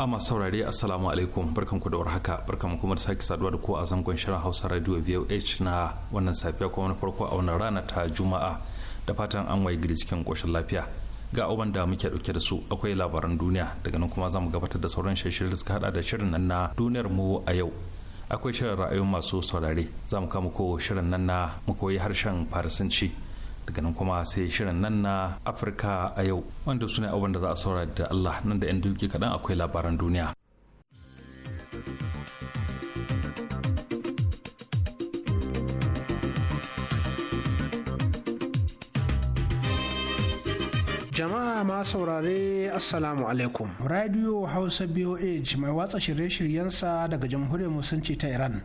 jama'a masu saurare assalamu alaikum barkan ku da haka barkan kuma da sake saduwa da ku a zangon shirin hausa radio voh na wannan safiya kuma na farko a wannan rana ta juma'a da fatan an waye gidi cikin koshin lafiya ga abubuwan da muke dauke da su akwai labaran duniya daga nan kuma zamu gabatar da sauran shirin da suka hada da shirin nan na duniyar mu a yau akwai shirin ra'ayoyin masu saurare zamu kama ko shirin nan na mu koyi harshen farisanci daga nan kuma sai shirin nan na afirka a yau wanda su ne abin da za a saura da allah nan da 'yan dulki kaɗan akwai labaran duniya jama'a ma saurare assalamu alaikum radio hausa boh mai watsa shirye-shiryensa daga jamhuriyar musulunci ta iran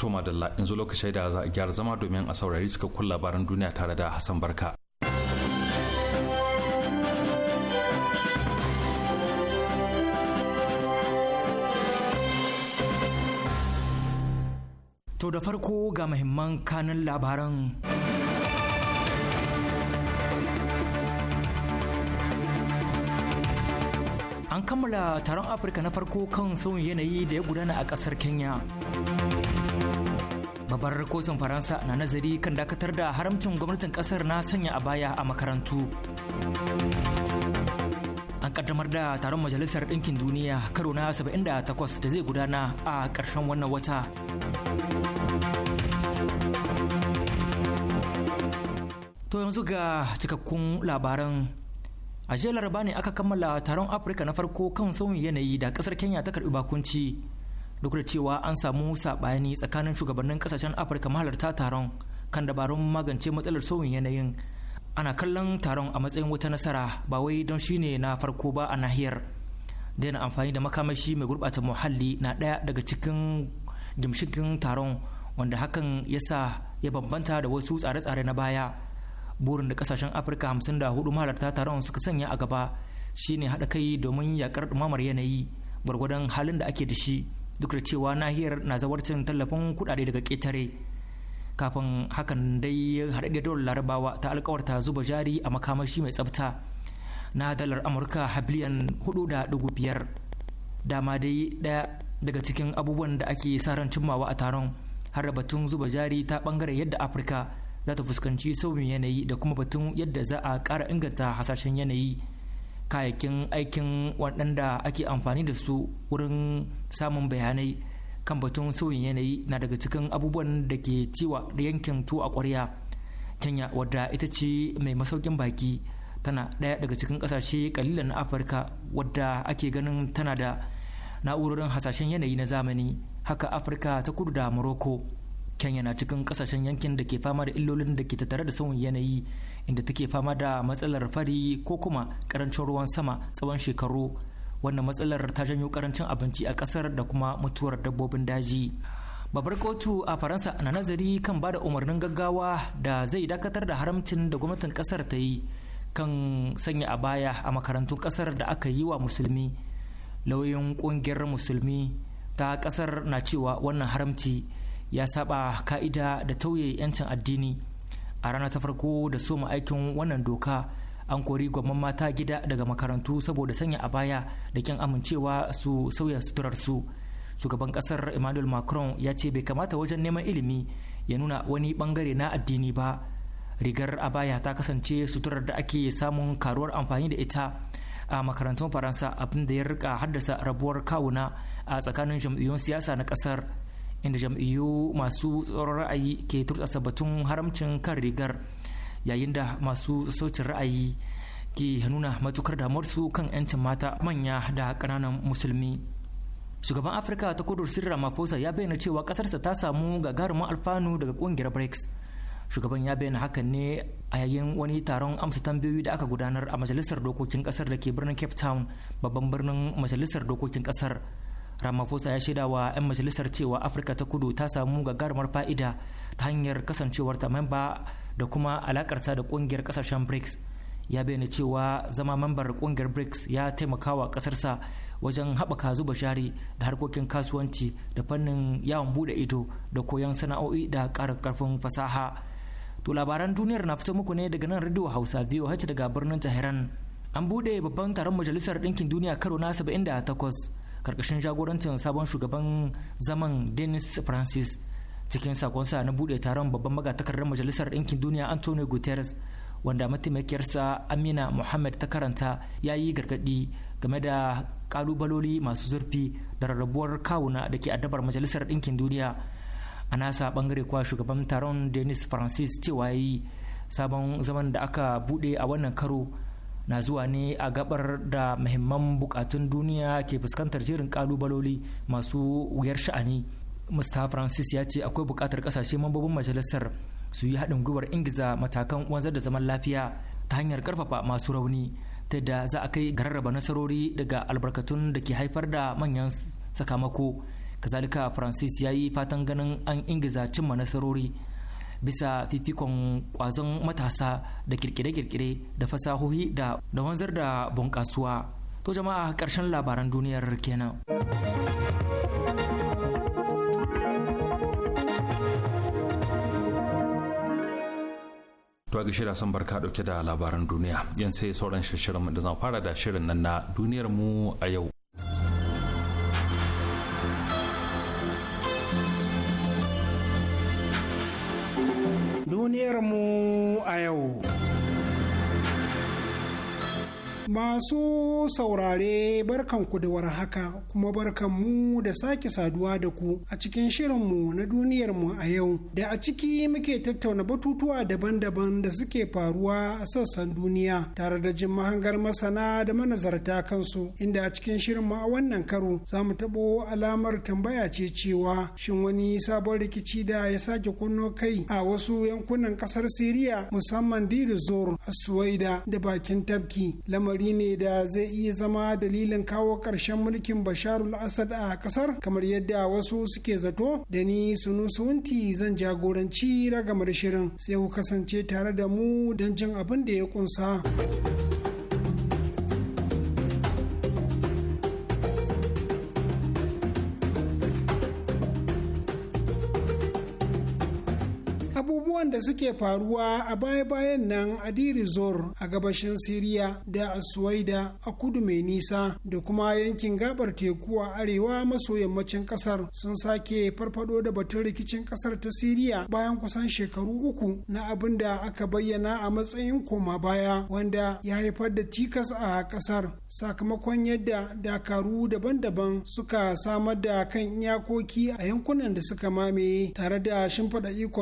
Dalla in yanzu lokacin da za a gyara zama domin a saurari suka kun labaran duniya tare da Hassan Barka. To da farko ga mahimman kanin labaran. An kammala taron Afirka na farko kan sauyin yanayi da ya gudana a ƙasar Kenya. babbar kotun faransa na nazari kan dakatar da haramcin gwamnatin kasar na sanya a baya a makarantu an kaddamar da taron majalisar ɗinkin duniya karo na 78 da zai gudana a ƙarshen wannan wata to yanzu ga cikakkun labaran a jiya laraba ne aka kammala taron afirka na farko kan sauyin yanayi da ƙasar kenya ta karbi bakunci duk da cewa an samu saɓani tsakanin shugabannin kasashen afirka mahalarta taron kan dabarun magance matsalar sauyin yanayin ana kallon taron a matsayin wata nasara ba wai don shine na farko ba a nahiyar daina amfani da makamashi mai gurbata muhalli na daya daga cikin jimshikin taron wanda hakan ya sa ya bambanta da wasu tsare-tsare na baya burin da kasashen afirka hamsin da hudu mahalarta taron suka sanya a gaba shine haɗa kai domin yakar ɗumamar yanayi gwargwadon halin da ake da shi duk da cewa nahiyar na zawarcin tallafin kudade daga ketare kafin hakan dai haɗaɗɗiyar daular larabawa ta alkawarta zuba jari a makamashi mai tsafta na dalar amurka biliyan 4.5 dama dai ɗaya daga cikin abubuwan da ake sa ran cimmawa a taron har batun zuba jari ta bangaren yadda afirka za ta fuskanci sauyin yanayi da kuma batun yadda za a ƙara inganta hasashen yanayi kayakin aikin waɗanda ake amfani da su wurin samun bayanai kan batun sauyin yanayi na daga cikin abubuwan da ke ciwa da yankin tu a ƙwarya kenya wadda ita ce mai masaukin baki tana ɗaya daga cikin ƙasashe kalilan na afirka wadda ake ganin tana da na'urorin hasashen yanayi na zamani haka afirka ta kudu da morocco kenya na cikin ƙasashen yankin da ke fama da illolin da ke tattare da sauyin yanayi inda take fama da matsalar fari ko kuma karancin ruwan sama tsawon shekaru wannan matsalar ta janyo karancin abinci a kasar da kuma mutuwar dabbobin daji babbar kotu a faransa na nazari kan ba da umarnin gaggawa da zai dakatar da haramcin da gwamnatin kasar ta yi kan sanya a baya a makarantun kasar da aka yi wa musulmi lauyin kungiyar musulmi ta kasar na cewa wannan haramci ya saba ka'ida da tauye 'yancin addini a rana ta farko da soma aikin wannan doka an kori gwamman mata gida daga makarantu saboda sanya a baya da kin amincewa su sauya suturarsu shugaban kasar emmanuel macron ya ce bai kamata wajen neman ilimi ya nuna wani bangare na addini ba rigar abaya ta kasance suturar da ake samun karuwar amfani da ita a makarantun faransa abin da ya rika haddasa rabuwar kawuna a tsakanin jam'iyyun siyasa na kasar inda jam'iyyu masu tsoron ra'ayi ke turtsa batun haramcin kan rigar yayin da masu saucin ra'ayi ke nuna matukar damuwarsu kan 'yancin mata manya da ƙananan musulmi shugaban afirka ta kudur sirri ramaphosa ya bayyana cewa ƙasarsa ta samu gagarumin alfanu daga ƙungiyar brics shugaban ya bayyana hakan ne a yayin wani taron amsa tambayoyi da aka gudanar a majalisar dokokin kasar da ke birnin cape town babban birnin majalisar dokokin kasar ramaphosa ya shaida wa 'yan majalisar cewa afirka ta kudu ta samu gagarumar fa'ida ta hanyar kasancewar ta memba da kuma alakarta da kungiyar kasashen brics ya bayyana cewa zama membar kungiyar brics ya taimaka wa kasarsa wajen haɓaka zuba shari da harkokin kasuwanci da fannin yawon bude ido da koyon sana'o'i da ƙara ƙarfin fasaha to labaran duniyar na fito muku ne daga nan radio hausa biyu hacci daga birnin tehran an buɗe babban taron majalisar ɗinkin duniya karo na 78 karkashin jagorancin sabon shugaban zaman denis francis cikin sakonsa na bude taron babban magatakarar majalisar ɗinkin duniya antonio guterres wanda mataimakiyarsa amina muhammad ta karanta ya yi gargaɗi game da kalubaloli masu zurfi da rarrabuwar kawuna da ke addabar majalisar ɗinkin duniya a nasa bangare kwa shugaban taron denis francis cewa yi sabon zaman da aka bude a wannan karo na zuwa ne a gabar da muhimman bukatun duniya ke fuskantar jerin kalubaloli masu wuyar sha'ani mista francis ya ce akwai bukatar kasashe mambobin majalisar su yi haɗin gwiwar ingiza matakan wanzar da zaman lafiya ta hanyar karfafa masu rauni ta da za a kai gararraba nasarori daga albarkatun da ke haifar da manyan sakamako kazalika francis ya yi fatan ganin an ingiza cimma nasarori bisa fifikon kwazon matasa da kirkire-kirkire da fasahohi da wanzar da bunkasuwa to jama'a ƙarshen labaran duniyar kenan Tuwa a gishira san barka dauke da labaran duniya yan sai sauran shirin da zan fara da shirin nan na duniyar mu a yau. duniyarmu a yau. Masu saurare barkanku da warhaka kuma barkan mu da sake saduwa da ku a cikin shirinmu na duniyar mu a yau da a ciki muke tattauna batutuwa daban-daban da suke faruwa a sassan duniya tare da jin mahangar masana da manazarta kansu inda a cikin mu a wannan karo za mu taɓo alamar tambaya ce cewa shin wani sabon rikici da ya sake kunno kai a wasu yankunan ƙasar Siriya musamman dirizor Zor, Suwaida da bakin tafki lamari al'amari ne da zai iya zama dalilin kawo ƙarshen mulkin bashar al-assad a ƙasar kamar yadda wasu suke zato da ni sunu suwunti zan jagoranci ragamar shirin sai ku kasance tare da mu don jin abin da ya kunsa. da suke faruwa a baya-bayan nan a Dirizor a gabashin Siriya da Aswaida a kudu mai nisa da kuma yankin gabar teku a arewa maso yammacin kasar sun sake farfado da batun rikicin kasar ta Siriya bayan kusan shekaru uku na abin da aka bayyana a matsayin koma baya wanda ya haifar da cikas a kasar sakamakon yadda dakaru daban-daban suka samar da kan iyakoki a yankunan da suka mamaye tare da shimfiɗa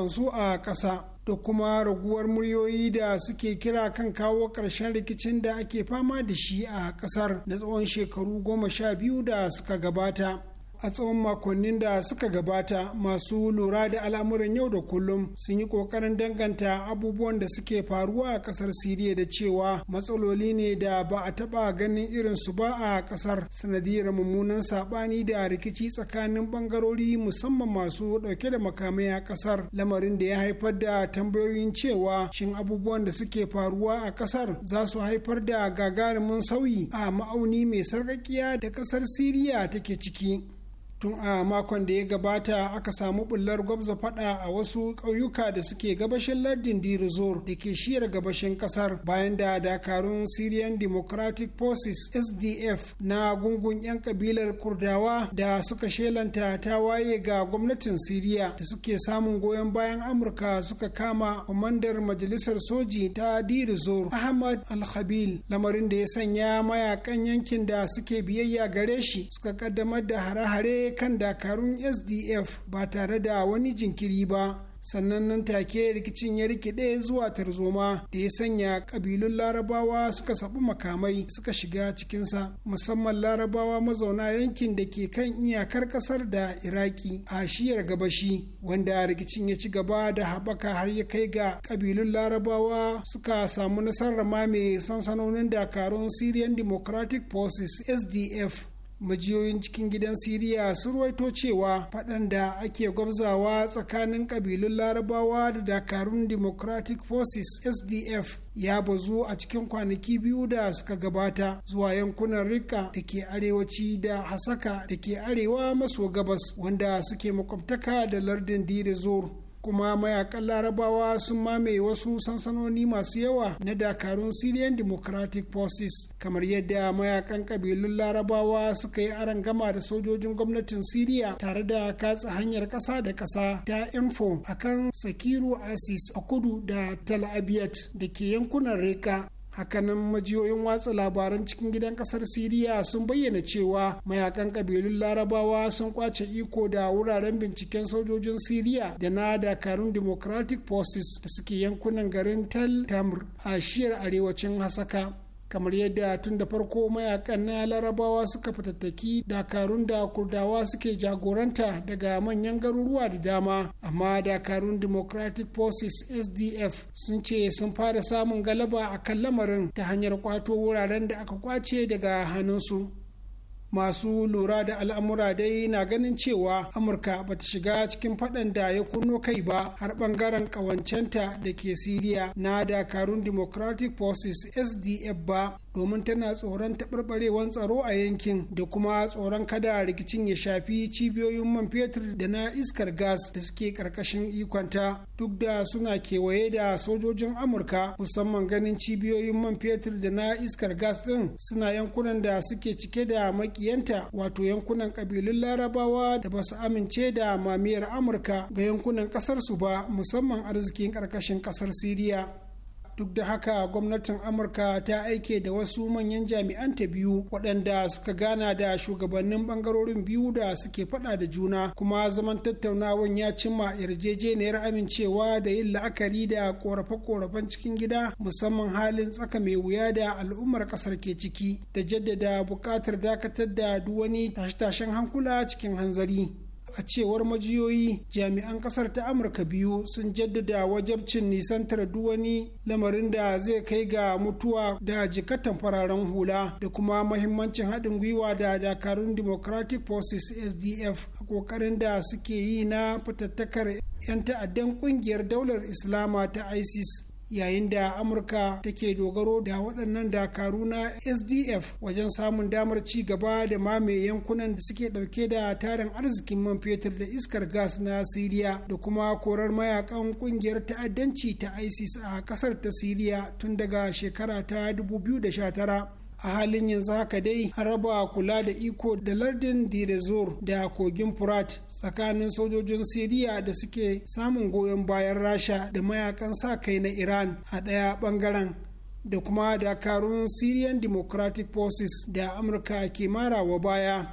su a ƙasa da kuma raguwar muryoyi da suke kira kan kawo ƙarshen rikicin da ake fama da shi a ƙasar na tsawon shekaru goma sha biyu da suka gabata a tsawon makonnin da suka gabata masu lura da al'amuran yau da kullum sun yi kokarin danganta abubuwan da suke faruwa a kasar siriya da cewa matsaloli ne da ba a taba ganin irin su ba a kasar sanadiyar mummunan sabani da rikici tsakanin bangarori musamman masu dauke da makamai a kasar lamarin da ya haifar da tambayoyin cewa shin abubuwan da suke faruwa a kasar za su haifar da gagarumin sauyi a ma'auni mai sarkakiya da kasar siriya take ciki tun a makon da ya gabata aka samu bullar gwabza fada a wasu ƙauyuka da suke gabashin lardin dirizor da ke shiyar gabashin kasar bayan da dakarun syrian democratic forces sdf na gungun 'yan kabilar kurdawa da suka shelanta ta waye ga gwamnatin syria da suke samun goyon bayan amurka suka kama kwamandar majalisar soji ta dirizor ahmad al lamarin da ya sanya mayakan yankin da suke biyayya gare shi suka kaddamar da hare-hare kan dakarun sdf ba tare da wani jinkiri ba sannan nan take rikicin ya rikide zuwa tarzoma da ya sanya kabilun larabawa suka sabu makamai suka shiga cikinsa musamman larabawa mazauna yankin da ke kan iyakar kasar da iraki a shiyar gabashi wanda rikicin ya ci gaba da haɓaka har ya kai ga kabilun larabawa suka samu nasarar mame sansanonin dakarun syrian democratic forces sdf majiyoyin cikin gidan siriya sun ruwaito cewa faɗan da ake gwabzawa tsakanin ƙabilun larabawa da dakarun democratic forces sdf ya bazu a cikin kwanaki biyu da suka gabata zuwa yankunan rika da ke arewaci da hasaka da ke arewa maso gabas wanda suke makwabtaka da lardin dire zor kuma mayakan larabawa sun mamaye wasu sansanoni masu yawa na dakarun syrian democratic forces kamar yadda mayakan kabilun larabawa suka yi gama da sojojin gwamnatin syria tare da katsa hanyar kasa da kasa ta info akan sakiru asis a kudu da tel da ke yankunan reka hakanan majiyoyin watsa labaran cikin gidan kasar siriya sun bayyana cewa mayakan kabilun larabawa sun kwace iko da wuraren binciken sojojin siriya da na dakarun democratic forces da suke yankunan garin tel tamr a shiyar arewacin hasaka kamar yadda tun da farko mayakan na larabawa suka fatattaki dakarun da kurdawa suke jagoranta daga manyan garuruwa da dama amma dakarun democratic forces sdf sun ce sun fara samun galaba a kan lamarin ta hanyar kwato wuraren da aka kwace daga hannunsu masu lura da al'amura dai na ganin cewa amurka ba ta shiga cikin faɗan da ya kunno kai ba har ɓangaren ƙawancenta da ke siriya na dakarun democratic forces sdf ba domin tana tsoron taɓarɓarewar tsaro a yankin da kuma tsoron kada rikicin ya shafi cibiyoyin man fetur da na iskar gas da suke ƙarƙashin ikonta duk da suna kewaye da sojojin amurka musamman ganin cibiyoyin man fetur da na iskar gas ɗin suna yankunan da suke cike da makiyanta wato yankunan ƙabilun larabawa da ba su amince da mamiyar amurka ga yankunan ƙasarsu ba musamman arzikin ƙarƙashin ƙasar siriya duk da haka gwamnatin amurka ta aike da wasu manyan jami'an ta biyu waɗanda suka gana da shugabannin ɓangarorin biyu da suke faɗa da juna kuma zaman tattaunawan ya cimma yarjejeniyar amincewa da yin la'akari da korafe-korafen cikin gida musamman halin tsaka mai wuya da al'ummar ƙasar ke ciki da jaddada buƙatar dakatar da duk wani tashe-tashen hankula cikin hanzari a cewar majiyoyi jami'an kasar ta amurka biyu sun jaddada wajabcin nisantar wani lamarin da zai kai ga mutuwa da jikatan fararen hula da kuma mahimmancin haɗin gwiwa da dakarun democratic forces sdf a ƙoƙarin da suke yi na fitattakar 'yan ta'addan ƙungiyar daular islama ta isis yayin da amurka take dogaro da waɗannan dakaru na sdf wajen samun damar ci gaba da mamaye yankunan da suke ɗauke da tarin arzikin man fetur da iskar gas na siriya da kuma korar mayakan ƙungiyar ta'addanci ta isis a ƙasar ta siriya tun daga shekara ta 2019 a halin yanzu haka dai an raba kula da iko da lardin direzor da kogin furat tsakanin sojojin siriya da suke samun goyon bayan rasha da mayakan sa kai na iran a ɗaya ɓangaren da kuma dakarun syrian democratic forces da amurka ke marawa baya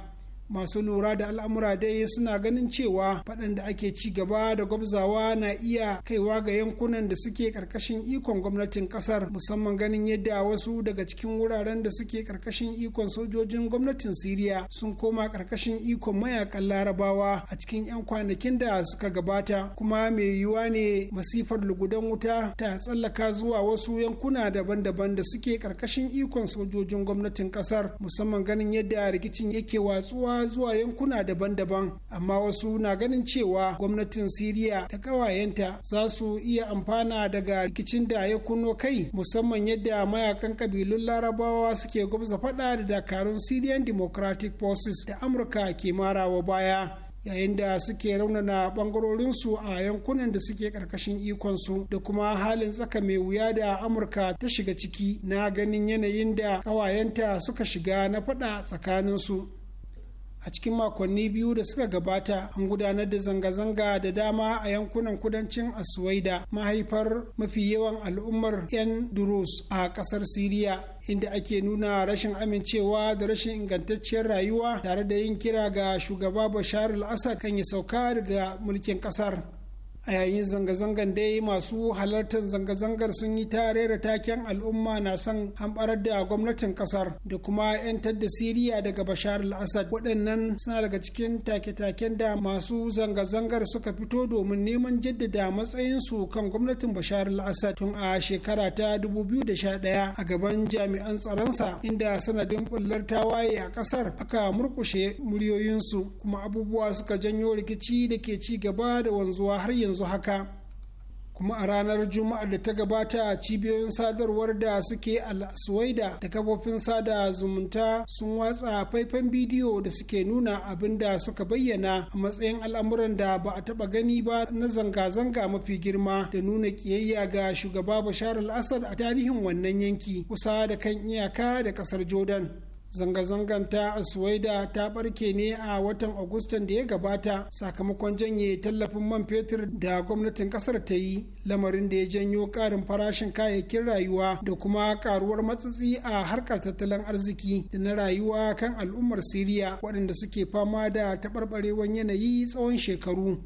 masu lura da al'amura dai suna ganin cewa faɗan da ake ci gaba da gwabzawa na iya kaiwa ga yankunan da suke ƙarƙashin ikon gwamnatin ƙasar musamman ganin yadda wasu daga cikin wuraren da suke karkashin ikon sojojin gwamnatin siriya sun koma ƙarƙashin ikon mayakan larabawa a cikin 'yan kwanakin da suka gabata kuma mai yiwuwa ne masifar lugudan wuta ta tsallaka zuwa wasu yankuna daban-daban da suke ƙarƙashin ikon sojojin gwamnatin ƙasar musamman ganin yadda rikicin yake watsuwa zuwa yankuna daban-daban amma wasu na ganin cewa gwamnatin siriya da kawayenta za su iya amfana daga rikicin da ya kuno kai musamman yadda mayakan kabilun larabawa suke gwamza faɗa da dakarun syrian democratic forces da amurka ke marawa baya yayin da suke raunana bangarorinsu a yankunan da suke karkashin ikonsu da kuma halin tsaka mai wuya da amurka ta shiga ciki na ganin yanayin da kawayenta suka shiga na fada tsakaninsu a cikin makonni biyu da suka gabata an gudanar da zanga-zanga da dama a yankunan kudancin aswaida mahaifar mafi yawan al'ummar 'yan durus a kasar siriya inda ake nuna rashin amincewa da rashin ingantacciyar rayuwa tare da yin kira ga shugaba bashar al-assad kan ya sauka daga mulkin kasar a yayin zanga-zangan dai masu halartar zanga-zangar sun yi tare da taken al'umma na son hamɓarar da gwamnatin kasar da kuma yan da siriya daga bashar al-assad waɗannan suna daga cikin take-taken da masu zanga-zangar suka fito domin neman jaddada matsayinsu kan gwamnatin bashar al-assad tun a shekara ta 2011 a gaban jami'an tsaronsa inda sanadin bullar tawaye a kasar aka murkushe muryoyinsu kuma abubuwa suka janyo rikici da ke ci gaba da wanzuwa har yanzu yanzu haka kuma a ranar juma'ar da ta gabata cibiyoyin sadarwar da suke al'asuwaida da kafofin sada zumunta sun watsa faifan bidiyo da suke nuna abin da suka bayyana a matsayin al'amuran da ba a taba gani ba na zanga-zanga mafi girma da nuna kiyayya ga shugaba bashar al a tarihin wannan yanki kusa da kan iyaka da kasar jordan zanga-zangan ta suwaida ta barke ne a watan agustan da ya gabata sakamakon janye tallafin man fetur da gwamnatin kasar ta yi lamarin da ya janyo karin farashin kayayyakin rayuwa da kuma karuwar matsatsi a harkar tattalin arziki da na rayuwa kan al'ummar siriya waɗanda suke fama da taɓarɓarewar yanayi tsawon shekaru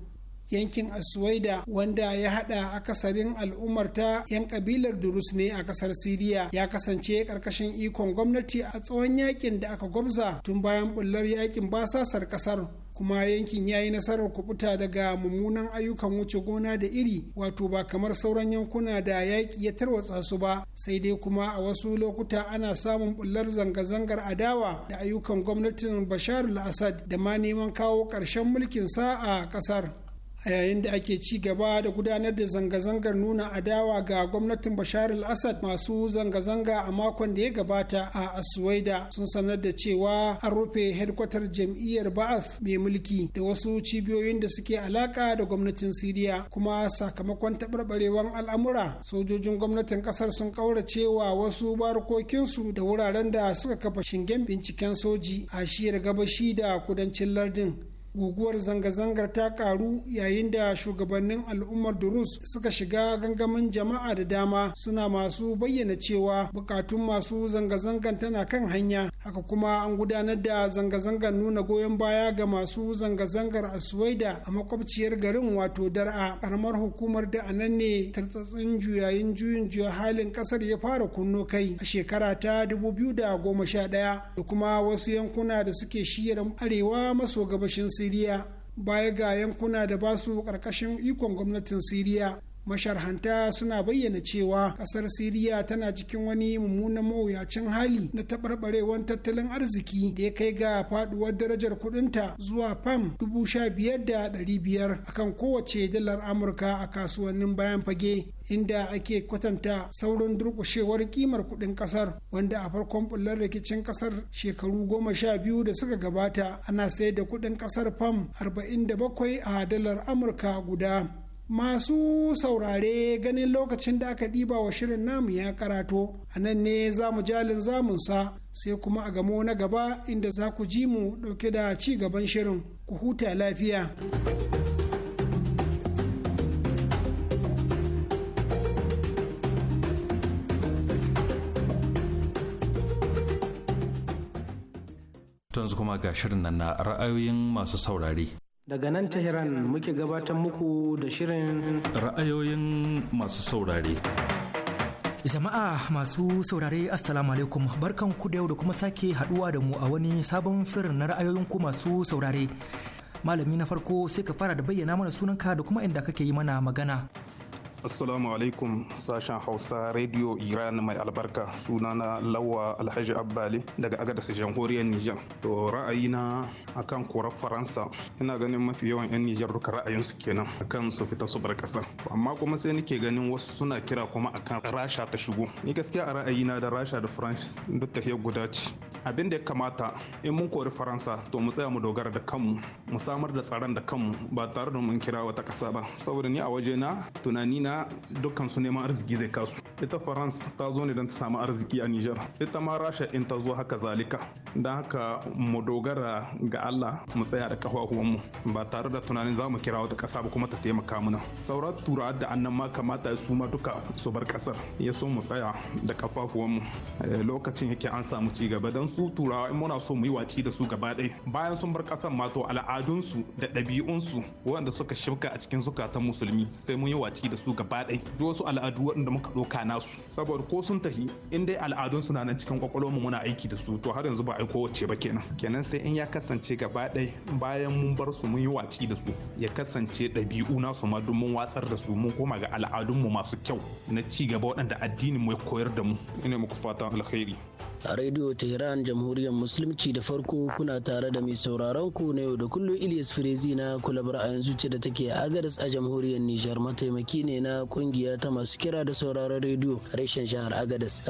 yankin aswaida wanda ya hada akasarin al'ummar ta 'yan kabilar durus ne a kasar siriya ya kasance karkashin ikon gwamnati a tsawon yakin da aka gwamza tun bayan bullar yakin basasar kasar kuma yankin ya yi nasarar kubuta daga mummunan ayyukan wuce gona da iri wato ba kamar sauran yankuna da yaƙi ya tarwatsa su ba sai dai kuma a wasu lokuta ana samun bullar zanga-zangar adawa da ayyukan gwamnatin bashar al-assad da ma neman kawo ƙarshen mulkin sa a ƙasar a yayin da ake ci gaba da gudanar da zanga-zangar nuna adawa ga gwamnatin bashar al-assad masu zanga-zanga a makon da ya gabata a aswaida sun sanar da cewa an rufe hedkwatar jam'iyyar ba'ath mai mulki da wasu cibiyoyin da suke alaka da gwamnatin siriya kuma sakamakon taɓarɓarewar al'amura sojojin gwamnatin ƙasar sun ƙaurace wa wasu barkokinsu da wuraren da suka kafa shingen binciken soji a shiyar gabashi da kudancin lardin guguwar zanga-zangar ta karu yayin da shugabannin al'ummar durus suka shiga gangamin jama'a da dama suna masu bayyana cewa bukatun masu zanga-zangan tana kan hanya haka kuma an gudanar da zanga-zangar nuna goyon baya ga masu zanga-zangar a suwaida a makwabciyar garin wato dar'a karamar hukumar da a nan ne tartsatsin juyayin juyin juya halin kasar ya fara kunno kai a shekara ta 2011 da kuma wasu yankuna da suke shiyar arewa maso gabashin siriya baya ga yankuna da ba su ƙarƙashin ikon gwamnatin siriya masharhanta suna bayyana cewa kasar siriya tana cikin wani mummunan mawuyacin hali na taɓarɓarewar tattalin arziki da ya kai ga faɗuwar darajar kuɗinta zuwa fam 15,500 akan kowace dalar amurka a kasuwannin bayan fage inda ake kwatanta saurin durƙushewar kimar kuɗin ƙasar, wanda a farkon bullar rikicin ƙasar shekaru goma sha biyu da suka gabata ana sayar da kuɗin ƙasar fam 47 a dalar amurka guda Masu saurare ganin lokacin da aka ɗiba wa shirin namu ya karato, a nan ne za mu jalin zamunsa sai kuma a gamo na gaba inda za ku ji mu ɗauke da ci gaban shirin ku huta lafiya. Tanzu kuma ga shirin nan na ra'ayoyin masu saurare. Daga nan Tehran muke gabatar muku da shirin ra'ayoyin masu saurare. Jama'a masu saurare Assalamu alaikum barkan ku da yau da kuma sake haduwa da mu a wani sabon firin na ra'ayoyin ku masu saurare. Malami na farko sai ka fara da bayyana mana sunanka da kuma inda kake yi mana magana. Assalamu alaikum sashen Hausa Radio Iran mai albarka sunana Lawa Alhaji Abbali daga Agadas Jamhuriyar Nijar. To ra'ayina akan korar Faransa ina ganin mafi yawan 'yan Nijar duka ra'ayinsu kenan akan su fita su bar kasa. Amma kuma sai nake ganin wasu suna kira kuma akan Rasha ta shigo. Ni gaskiya a ra'ayi na da Rasha da France duk tahiyar guda ce. abin da ya kamata in mun kori faransa to mu tsaya mu dogara da kanmu mu samar da tsaron da kanmu ba tare da mun kira wata kasa ba saboda ni a waje na tunani na dukkan su neman arziki zai kasu ita faransa ta zo ne don ta samu arziki a niger ita ma rasha in ta zo haka zalika don haka mu dogara ga allah mu tsaya da kafafuwanmu ba tare da tunanin za mu kira wata kasa ba kuma ta taimaka mana sauran turawa da annan ma kamata su ma duka su bar kasar ya so mu tsaya da kafafuwanmu eh, lokacin yake an samu ci gaba don su turawa in muna so mu yi waci da su gaba ɗaya bayan sun bar ƙasar ma al'adunsu da ɗabi'unsu waɗanda suka shimka a cikin zukatan musulmi sai mun yi waci da su gaba ɗaya duk wasu al'adu waɗanda muka ɗauka nasu saboda ko sun tafi in dai al'adunsu na nan cikin mu muna aiki da su to har yanzu ba aiko wacce ba kenan kenan sai in ya kasance gaba ɗaya bayan mun bar su mun yi waci da su ya kasance ɗabi'u nasu ma duk mun watsar da su mun koma ga al'adunmu masu kyau na ci gaba waɗanda addinin mu ya koyar da mu ina muku fatan alkhairi a rediyo tehran Iran jamhuriyar musulunci da farko kuna tare da mai sauraron ku na yau da kullum Ilyas Firezi na kulabar a yanzu ce da take a Agadas a jamhuriyar Nijar mataimaki ne na kungiya ta masu kira da sauraron rediyo reshen jihar Agadas.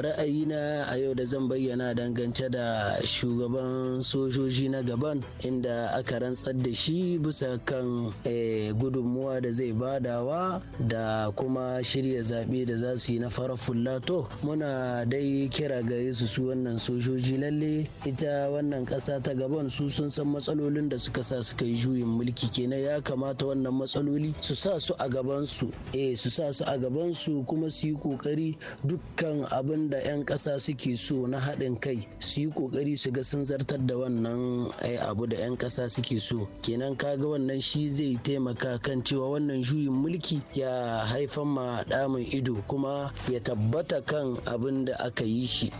na a yau da zan bayyana dangance da shugaban sojoji na gaban inda aka rantsar da shi bisa kan eh, gudunmuwa da zai badawa da kuma shirya zaɓe da za su yi na farar fulla to muna dai kira gare su su wannan sojoji lalle lalle ita wannan ƙasa ta gaban su sun san matsalolin da suka sa suka yi juyin mulki kenan ya kamata wannan matsaloli su sa su a gaban su eh su sa su a gaban su kuma su yi kokari dukkan abin da 'yan ƙasa suke so na haɗin kai su yi kokari su ga sun zartar da wannan eh, abu da 'yan ƙasa suke so kenan kaga wannan shi zai taimaka kan cewa wannan juyin mulki ya haifan ma damun ido kuma ya tabbata kan abin da aka yi shi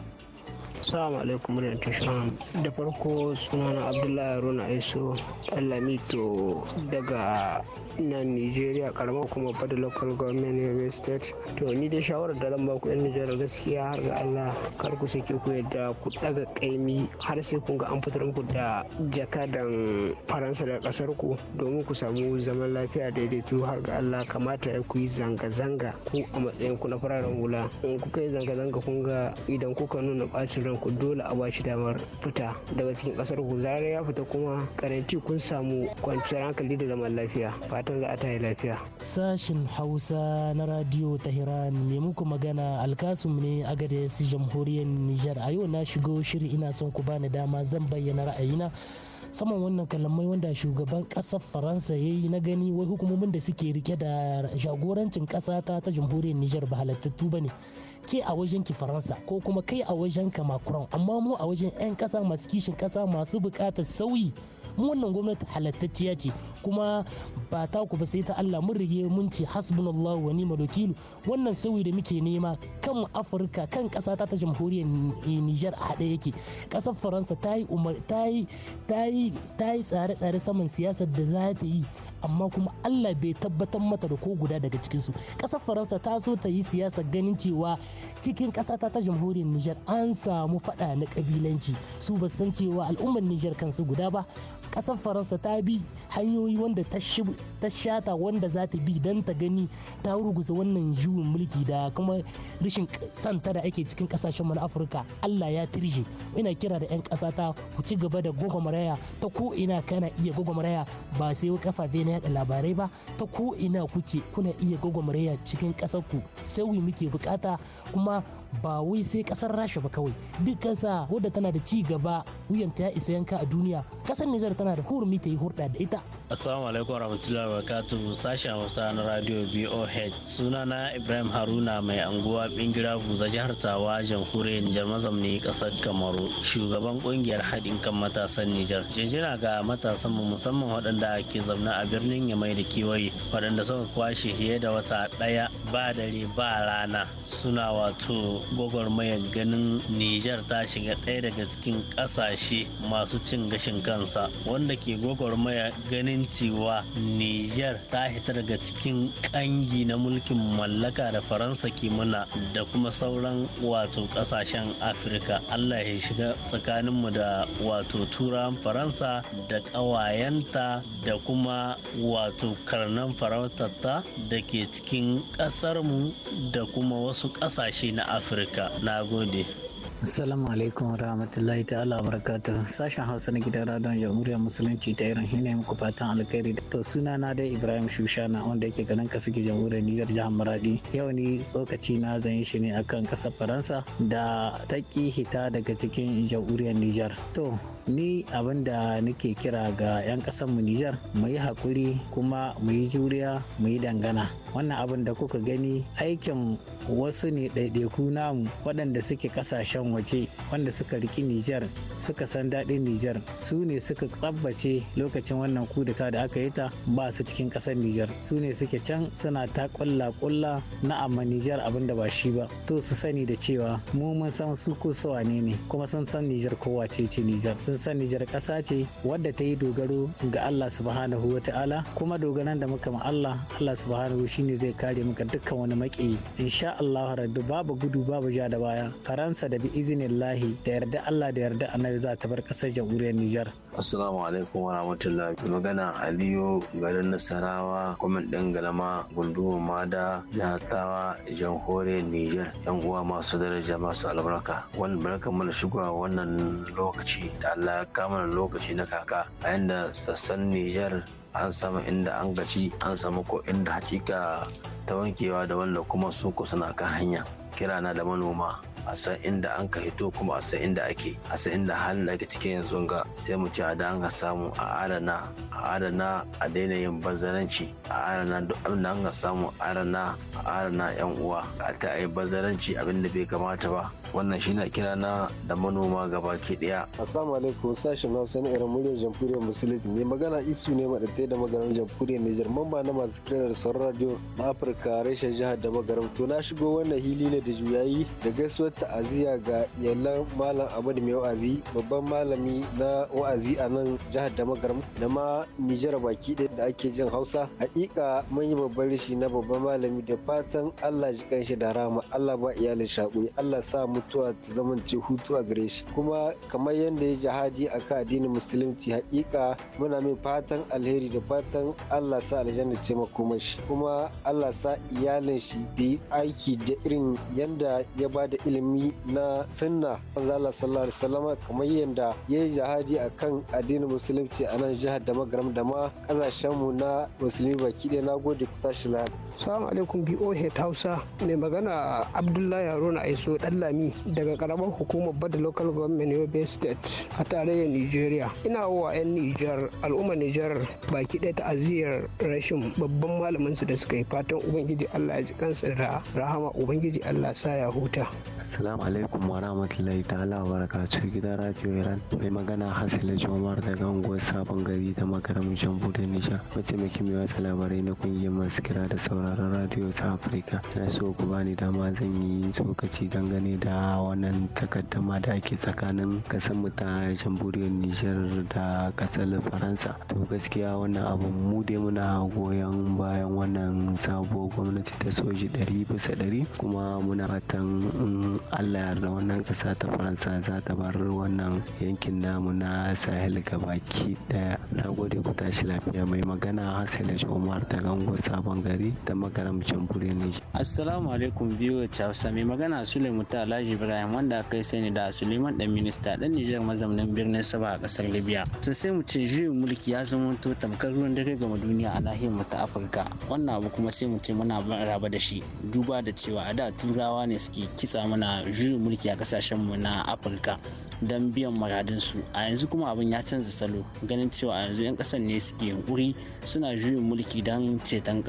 Salamu alaikum muryar tashan da farko sunana Abdullahi Haruna Aiso Alamito daga nan Nigeria karamar kuma fada local government Yobe state. To ni dai shawarar da zan baku 'yan nigeria gaskiya har ga Allah kar ku sake ku yadda ku daga kaimi har sai kun ga an fitar muku da jakadan Faransa da kasar ku domin ku samu zaman lafiya daidaito har ga Allah kamata ya ku yi zanga-zanga ku a matsayin ku na fararen hula. In ku yi zanga-zanga kun ga idan kuka nuna bacin bangaren ku dole a bashi damar fita daga cikin kasar ku zarar ya fita kuma karanci kun samu kwanciyar hankali da zaman lafiya fatan za a tayi lafiya sashin hausa na radio tahiran me muku magana alkasum ne a su jamhuriyar nijar a yau na shigo shiri ina son ku bani dama zan bayyana ra'ayina saman wannan kalamai wanda shugaban kasar faransa ya yi na gani wai hukumomin da suke rike da jagorancin ƙasa ta ta jamhuriyar nijar ba halattattu ba ne ke a wajen ki faransa ko kuma kai a wajen ka macron amma mu a wajen 'yan kasa masu kishin kasa masu bukatar sauyi mu wannan gwamnati halattacciya ce kuma ba ta ku ba sai ta Allah mun rige mun ce hasbunallahu wa ni'mal wakil wannan sauyi da muke nema kan Afirka kan kasa ta jamhuriyar Niger a hade yake kasar Faransa ta yi ta yi tsare-tsare saman siyasar da za ta yi amma kuma Allah bai tabbatar mata da ko guda daga cikinsu ƙasar faransa ta so ta yi siyasa ganin cewa cikin ƙasa ta jamhuriyar nijar an samu faɗa na kabilanci su ba san cewa al'ummar nijar kansu guda ba ƙasar faransa ta bi hanyoyi wanda ta shata wanda za ta bi don ta gani ta ruguza wannan juyin mulki da kuma rashin santa da ake cikin kasashen mu na afirka allah ya tirje ina kira da 'yan ƙasa ta ku ci gaba da gogomaraya ta ko ina kana iya gogomaraya ba sai kafafe na kafafen yada labarai ba ta ko ina kuke kuna iya gwagwamaya cikin ƙasar ku sai muke bukata kuma ba wai sai kasar rasha ba kawai duk kasa wadda tana da ci gaba wuyanta ya isa yanka a duniya kasar nijar tana da hurumi ta yi hurɗa da ita assalamu alaikum warahmatullahi wabarakatuh sashen hausa na radio boh sunana ibrahim haruna mai anguwa bingira buza jihar tawa jamhuriyar nijar mazamni kasar kamaru shugaban kungiyar haɗin kan matasan nijar jinjina ga matasan mu musamman waɗanda ke zamna a birnin yamai da kewaye waɗanda suka kwashe fiye da wata ɗaya ba dare ba rana suna wato gwagwarmayar ganin Nijar ta shiga ɗaya daga cikin ƙasashe masu cin gashin kansa wanda ke gwagwarmaya ganin cewa Nijar ta hita daga cikin ƙangi na mulkin mallaka da Faransa ke muna da kuma sauran wato ƙasashen Afirka. Allah ya shiga tsakaninmu da wato turan Faransa da ƙawayenta da kuma wato karnan farautarta da ke cikin ƙasarmu da kuma wasu ƙasashe na Afirka. afirka na gode Assalamu alaikum wa rahmatullahi ta'ala wa barakatuh. Sashen Hausa na gidan radon jamhuriyar Musulunci ta irin yi muku fatan alkhairi. To suna na dai Ibrahim Shushana wanda yake ganin ka suke jamhuriyar Nijar jihar Maradi. Yau ni tsokaci na zan yi shi ne akan kasar Faransa da ta hita daga cikin jamhuriyar Nijar. To ni abin da nake kira ga 'yan ƙasarmu mu Nijar mu yi hakuri kuma mu yi juriya mu yi dangana. Wannan abin da kuka gani aikin wasu ne ɗaiɗaiku namu waɗanda suke ƙasashen waje wanda suka riki Nijar suka san daɗin Nijar su ne suka tsabbace lokacin wannan kudeta da aka yi ta ba su cikin ƙasar Nijar su ne suke can suna ta ƙulla ƙulla na amma Nijar abin da ba shi ba to su sani da cewa mu mun san su ko sawane ne kuma sun san Nijar kowa ce ce Nijar sun san Nijar ƙasa ce wadda ta yi dogaro ga Allah subhanahu wa ta'ala kuma dogaran da muka ma Allah Allah subhanahu shine zai kare muka dukkan wani maki insha Allah babu gudu babu ja da baya faransa da bi izinillahi da yarda Allah da yarda annabi za ta bar kasar jamhuriyar Nijar. Assalamu alaikum wa rahmatullahi magana Aliyu garin Nasarawa kuma ɗin galama gunduma mada jihar Tawa jamhuriyar Nijar yan uwa masu daraja masu albarka wani barka mana shigowa wannan lokaci da Allah ya kama lokaci na kaka a inda sassan Nijar an samu inda an gaci an samu ko inda hakika ta wankewa da wanda kuma su suna kan hanya kira na da manoma a san inda an ka hito kuma a san inda ake a san inda halin da ake cikin yanzu ga sai mu ci da an ka samu a adana a adana a daina yin bazaranci a adana duk abin da an ka samu a adana a adana yan uwa a ta yi bazaranci abin da bai kamata ba wannan shi na kira na da manoma gabaki daya assalamu alaikum sashen hausa na irin muryar jamhuriyar musulunci ne magana isu ne madaddai da maganar jamhuriyar nijar mamba na masu kiran sauran radio na afirka reshen jihar da magaram to na shigo wannan hili ne da juyayi da gaisuwar ta'aziyya ga yallan malam Amadu mai wa'azi babban malami na wa'azi a nan jihar Damagaram da ma Nijar baki ɗaya da ake jin Hausa. Hakika mun yi babban rishi na babban malami da fatan Allah ji kanshi da rama Allah ba iyalin shaƙuri Allah sa mutuwa ta zamance hutu a gare shi kuma kamar yadda ya jihadi a kan addinin musulunci hakika muna mai fatan alheri da fatan Allah sa aljanna ce makomashi kuma Allah sa iyalin shi da aiki da irin yanda ya ba da ilimi na sunna manzala sallallahu alaihi wasallam kamar yadda ya yi jihadi kan addinin musulunci a nan jihar da magaram da ma kasashen na musulmi baki ɗaya na gode ku tashi lafiya. Assalamu alaikum BOH Hausa mai magana Abdullahi Haruna Aiso Dallami daga karamar hukumar Bada Local Government Yobe State a tarayyar Nigeria. Ina wa 'yan Nijar al'ummar Nijar baki ɗaya ta'aziyar rashin babban malamin da suka yi fatan Ubangiji Allah ya ji kansa da rahama Ubangiji Allah Allah sa ya huta. Assalamu alaikum wa rahmatullahi ta'ala wa barakatuh gidan Radio Iran. Mai magana Hasila Jomar daga unguwar Sabon Gari makarar Makaramin bude Nisha. Mataimakin mai watsa labarai na kungiyar masu kira da sauraron radio ta Afirka. Na so ku bani dama zan yi tsokaci dangane da wannan takaddama da ake tsakanin kasar mu ta Jamhuriyar Nijar da kasar Faransa. To gaskiya wannan abu mu dai muna goyon bayan wannan sabuwar gwamnati ta soji ɗari bisa ɗari kuma na fatan in allah yarda wannan kasa ta faransa za ta bar wannan yankin namu na sahel gabaki daya na gode ku tashi lafiya mai magana hassan da umar ta gango sabon gari da makaramcin burini assalamu alaikum biyu Chausa mai magana suleiman ta alhaji ibrahim wanda aka yi sani da suleiman dan minista dan nijar mazaunin birnin saba a kasar libya to sai mu ce juyin mulki ya zama to tamkar ruwan dare ga duniya a nahiyar mu ta afirka wannan abu kuma sai mu ce muna raba da shi duba da cewa a da tura turawa ne suke kitsa mana juyin mulki a kasashenmu na afirka don biyan muradinsu a yanzu kuma abin ya canza salo ganin cewa a yanzu 'yan kasan ne suke wuri suna juyin mulki don ceton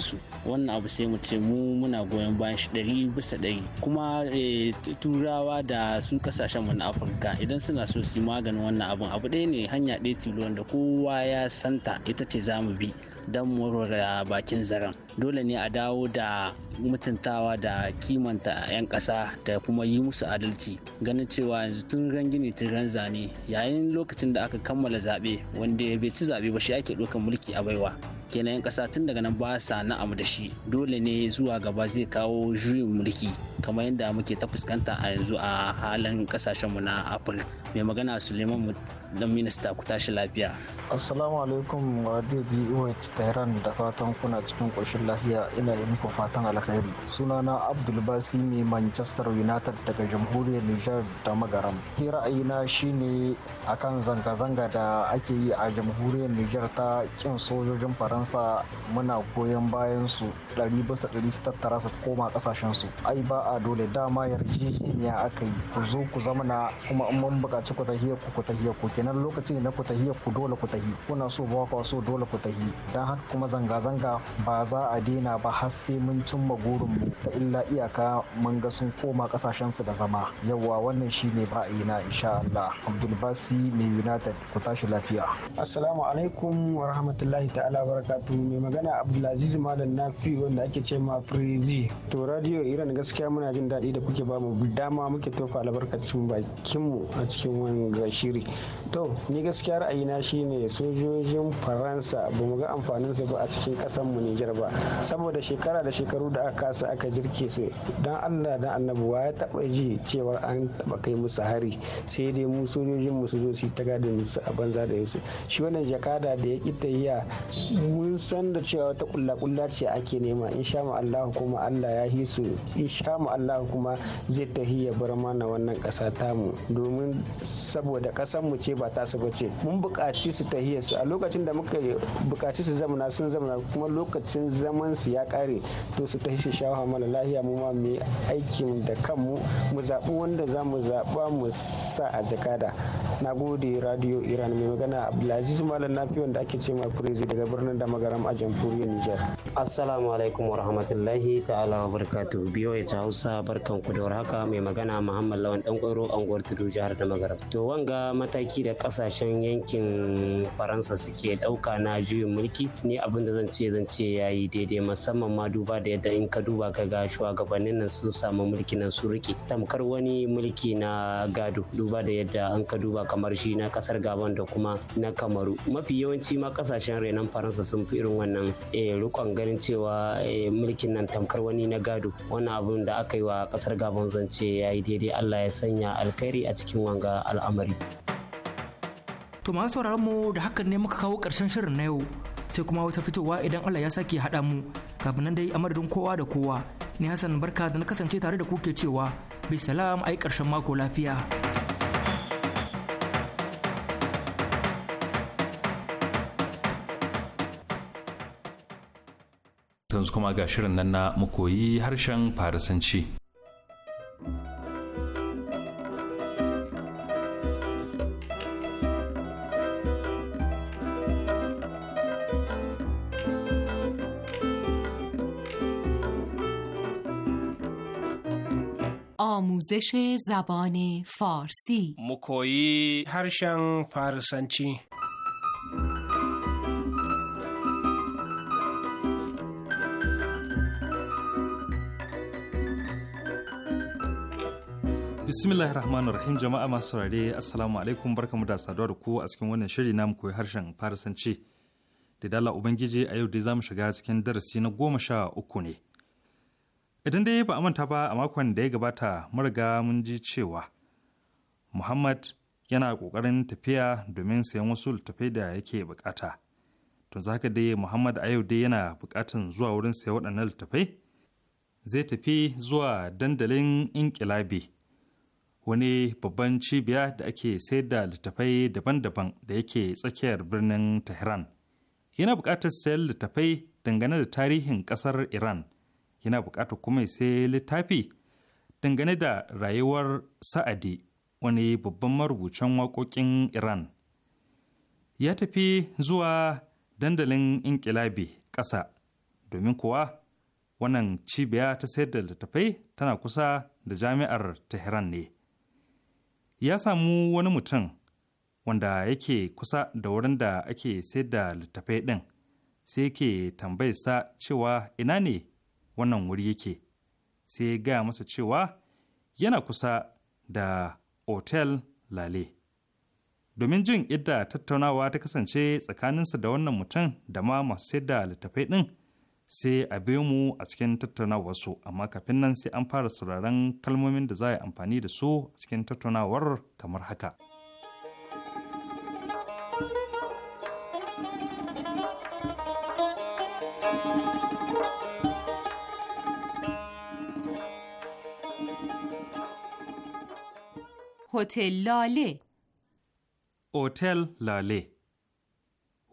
su wannan abu sai mu ce mu muna goyon bayan shi ɗari bisa ɗari kuma eh, turawa da su kasashenmu na afirka idan suna so su maganin wannan abin abu ɗaya ne hanya ɗaya tilo wanda kowa ya santa ita ce za mu bi don warware bakin zaren dole ne a dawo da mutuntawa da kimanta 'yan ƙasa da kuma yi musu adalci ganin cewa yanzu tun ran gini tun ran zane yayin lokacin da aka kammala zaɓe wanda bai ci zaɓe ba shi ake ɗaukar mulki a baiwa kenan 'yan ƙasa tun daga nan ba sa na'am da shi dole ne zuwa gaba zai kawo juyin mulki kamar yadda muke ta fuskanta a yanzu a halin ƙasashenmu na afirka mai magana suleiman don minista ku tashi lafiya assalamu alaikum radio biyu tehran da fatan kuna cikin ƙoshin lafiya ina yi muku fatan alkhairi sunana abdulbasi ne manchester united daga jamhuriyar nijar da magaram ki ra'ayina shine akan zanga-zanga da ake yi a jamhuriyar nijar ta kin sojojin faransa muna goyon bayan su ɗari bisa ɗari su tattara koma ƙasashen su ai ba a dole dama yarjejeniya aka yi ku zo ku zamana kuma in mun buƙaci ku tahiyar ku ku tahiyar ku kenan lokaci na ku tahi ku dole ku tahi kuna so ba ku so dole ku tahi dan haka kuma zanga zanga ba za a daina ba har sai mun cimma gurin mu ta illa iyaka mun ga sun koma kasashen su da zama yawa wannan shine ba a yi na insha Allah Abdul Basi mai United ku tashi lafiya Assalamu alaikum wa rahmatullahi ta'ala barakatu mai magana Abdulaziz Malam Nafi wanda ake ce ma Prezi to radio Iran gaskiya muna jin daɗi da kuke ba mu dama muke tofa albarkacin bakin mu a cikin wanga shiri to ni gaskiya ra'ayina shine sojojin faransa ba mu ga amfanin su ba a cikin mu nijar ba saboda shekara da shekaru da aka kasa aka jirke su don allah da annabuwa ya taba ji cewa an taba kai musu hari sai dai mu sojojin mu su zo su ta gadin su a banza da yasu shi wannan jakada da ya ki mun san da cewa wata kulla kulla ce ake nema in sha mu allah kuma allah ya hi su in sha mu allah kuma zai tahiya bar mana wannan kasa tamu domin saboda kasan mu ce ba tasu ba ce mun buƙaci su ta su a lokacin da muka bukaci su zamana sun zamana kuma lokacin zaman su ya kare to su ta su shawo mana lahiya mu ma mu aikin da kanmu mu zaɓi wanda za mu zaɓa mu sa a jakada na gode radio iran mai magana abdulaziz malam nafi wanda ake ce ma firizi daga birnin da magaram a jamhuriyar nijar assalamu alaikum wa rahmatullahi ta'ala wa barakatuhu biyo ya hausa barkan ku da haka mai magana muhammad lawan dan kwaro anguwar tudu jihar da magaram to wanga mataki da da kasashen yankin faransa suke dauka na juyin mulki ni abin da zan ce zan ce ya yi daidai musamman ma duba da yadda in ka duba ka ga shugabannin nan sun samu mulki nan su rike tamkar wani mulki na gado duba da yadda an ka duba kamar shi na kasar gabon da kuma na kamaru mafi yawanci ma kasashen renon faransa sun fi irin wannan eh, rikon ganin cewa eh, mulkin nan tamkar wani na gado wannan abin da aka yi wa kasar gabon ce ya yi daidai allah ya sanya alkhairi a cikin wanga al'amari. To masu sauraron mu da hakan ne muka kawo ƙarshen shirin na yau sai kuma wata fitowa idan Allah ya sake haɗa mu kafin nan dai a madadin kowa da kowa ni Hassan barka da na kasance tare da ku ke cewa bi salam ai ƙarshen mako lafiya. yanzu kuma ga shirin nan na mukoyi harshen farisanci. آموزش زبان فارسی مکویی هرشن فارسنچی bismillahir rahmanir rahim jama'a masu saurare assalamu alaikum barkamu da saduwa da ku a cikin wannan shiri namu koyi harshen farisanci da dala ubangiji a yau dai zamu shiga cikin darasi na goma sha uku ne Idan dai ba a manta ba a makon da ya gabata marga mun ji cewa Muhammad yana kokarin tafiya domin sayan wasu littattafai da yake bukata. Tun za dai Muhammad a yau dai yana bukatan zuwa wurin sayan waɗannan littafai Zai tafi zuwa dandalin Inkilabi, wani babban cibiya da ake sayar da littafai daban-daban da yake tsakiyar birnin Tehran. Yana bukatar sayan littattafai dangane da tarihin ƙasar Iran. yana bukatar kuma sai littafi dangane da rayuwar sa'adi wani babban marubucin waƙoƙin iran ya tafi zuwa dandalin inkilabi ƙasa domin kuwa wannan cibiya ta sayar da littattafai tana kusa da jami'ar tehran ne ya samu wani mutum wanda yake kusa da wurin da ake sayar da littattafai ɗin sai yake tambayarsa cewa ina ne wannan wuri yake sai ya gaya masa cewa yana kusa da otel lale domin jin idda tattaunawa ta kasance tsakaninsa da wannan mutum da ma masu sai da littattafai ɗin sai a bi mu a cikin tattaunawar su amma kafin nan sai an fara sauraron kalmomin da za a yi amfani da su a cikin tattaunawar kamar haka. هتل لاله هتل لاله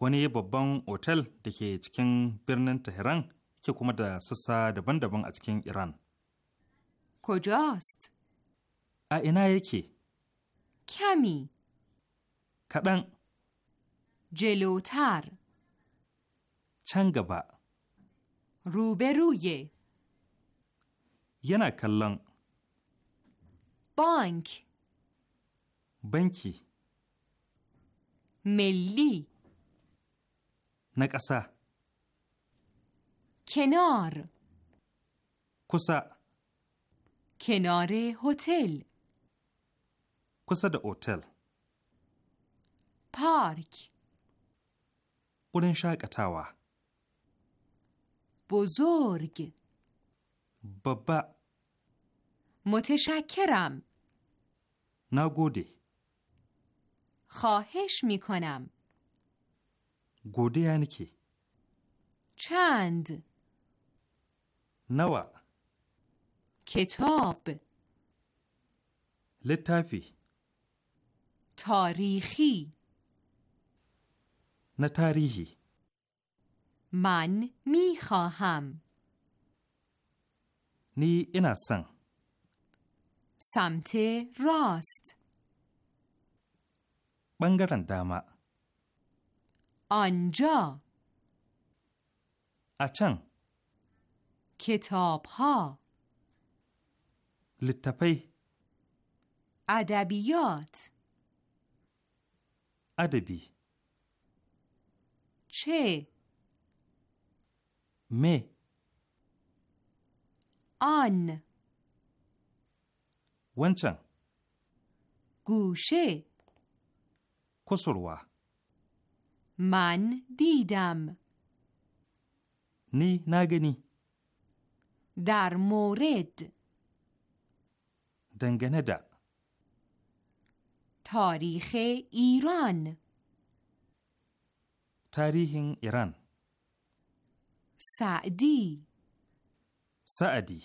wani babban otal da ke cikin birnin Tehran ke kuma da sassa daban-daban a cikin Iran. Kojost? A ina yake? Kyami. Kaɗan. Jelotar. Can gaba. Ruberuye. Yana kallon. Bank. banki milli na ƙasa kenar kusa kenare hotel kusa da otel park wurin shakatawa bozorg babba Na gode. خواهش می کنم گوده یعنی کی؟ چند نوا کتاب لطفی تاریخی نه من می خواهم نی این سمت راست ɓangaren dama. آنجا اچن کتاب ها littafai ادبیات ادبی چه می آن ونچن گوشه Kusurwa. Man didam. Ni na gani. Darmu red. Dangane da. Tarihe Iran. Tarihin Iran. sa'di Sa'adi.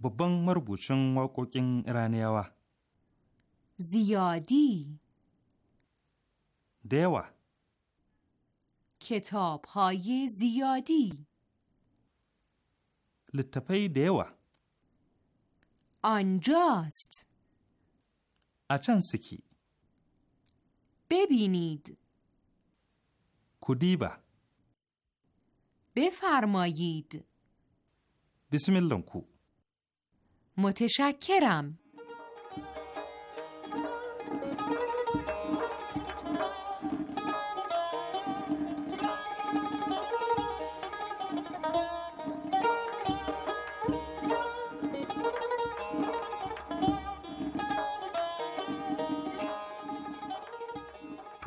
Babban marubucin waƙoƙin raniyawa. Ziyodi. دیوه کتاب های زیادی لطفه دیوه آنجاست اچن سکی ببینید کدیبه بفرمایید بسم الله کو متشکرم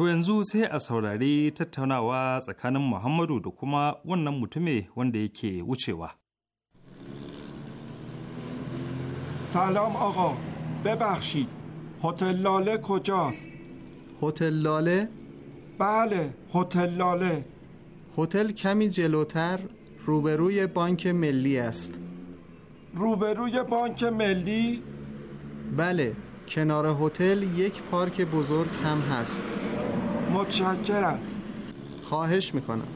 To yanzu sai a saurari tattaunawa tsakanin Muhammadu da kuma wannan mutume wanda yake wucewa. سلام آقا ببخشید هتل لاله کجاست؟ هتل لاله؟ بله هتل لاله هتل کمی جلوتر روبروی بانک ملی است روبروی بانک ملی؟ بله کنار هتل یک پارک بزرگ هم هست متشکرم خواهش میکنم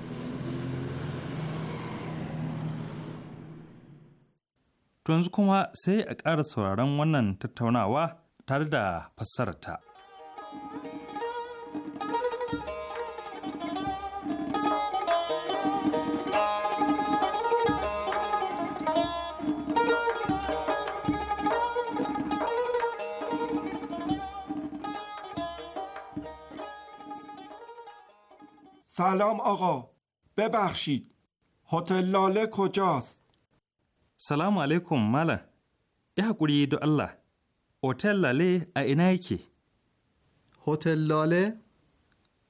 To yanzu kuma sai a ƙara sauraron wannan tattaunawa tare da fassararta. سلام آقا ببخشید هتل لاله کجاست سلام علیکم مالا ای حقوری دو الله هتل لاله اینه که هتل لاله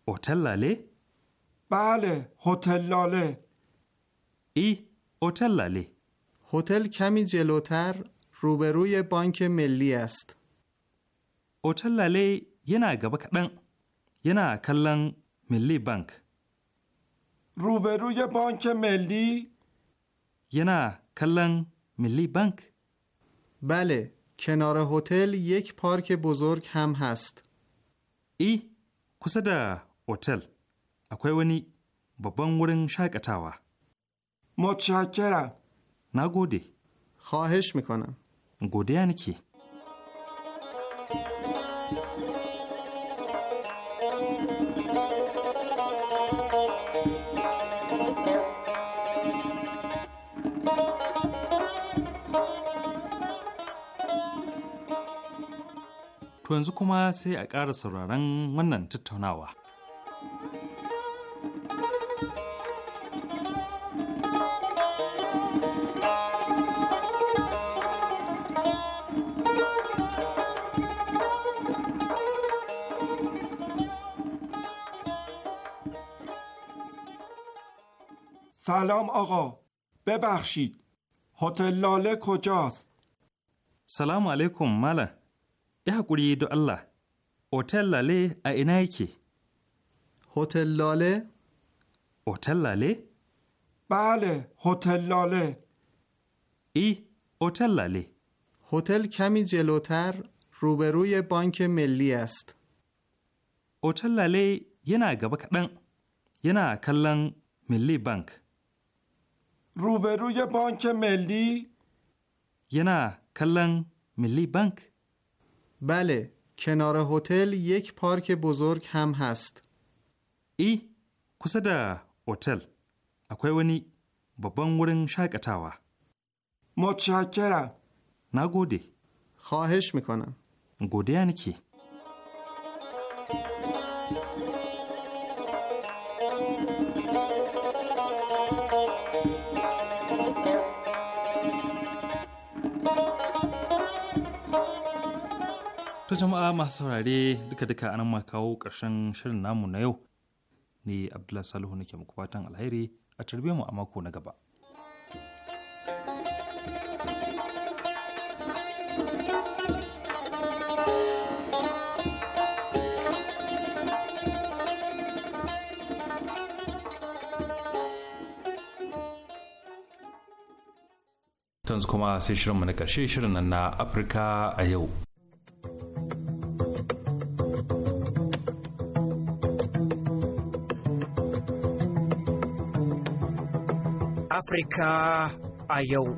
هتل لاله بله هتل لاله ای هتل لاله هتل کمی جلوتر روبروی بانک ملی است هتل لاله یه نگه بکنن. یه کلن ملی بانک روبروی بانک ملی؟ یه نه کلن ملی بانک بله کنار هتل یک پارک بزرگ هم هست ای کسه هتل اکوی ونی بانگورن شاک شاکتاوا متشکرم نگودی خواهش میکنم گودی یعنی کی؟ To yanzu kuma sai a ƙara sauraron wannan tattaunawa. سلام آقا ببخشید هتل لاله کجاست سلام علیکم مله yi haƙuri do Allah, Hotel Lale a ina yake? Hotel Lale? Hotel Lale? Bale, Hotel Lale. I, e, Hotel Lale. Hotel kami jelotar روبروی بانک ملی است. اوتل لاله ینا گبه کدن. ینا کلن ملی بانک. روبروی بانک ملی ینا کلن ملی بانک. بله کنار هتل یک پارک بزرگ هم هست ای د هتل اکوی ونی بابان ورن شاکتاوا متشکرم نگودی خواهش میکنم گودی یعنی کی To jama'a masu saurare duka-duka anan ma kawo karshen shirin namu na yau. Ni Abdullahi Salihu nake muku fatan alheri a tarbe mu a mako na gaba. Tanzu kuma sai shirinmu na ƙarshe shirin nan na Afirka a yau. Afirka a yau.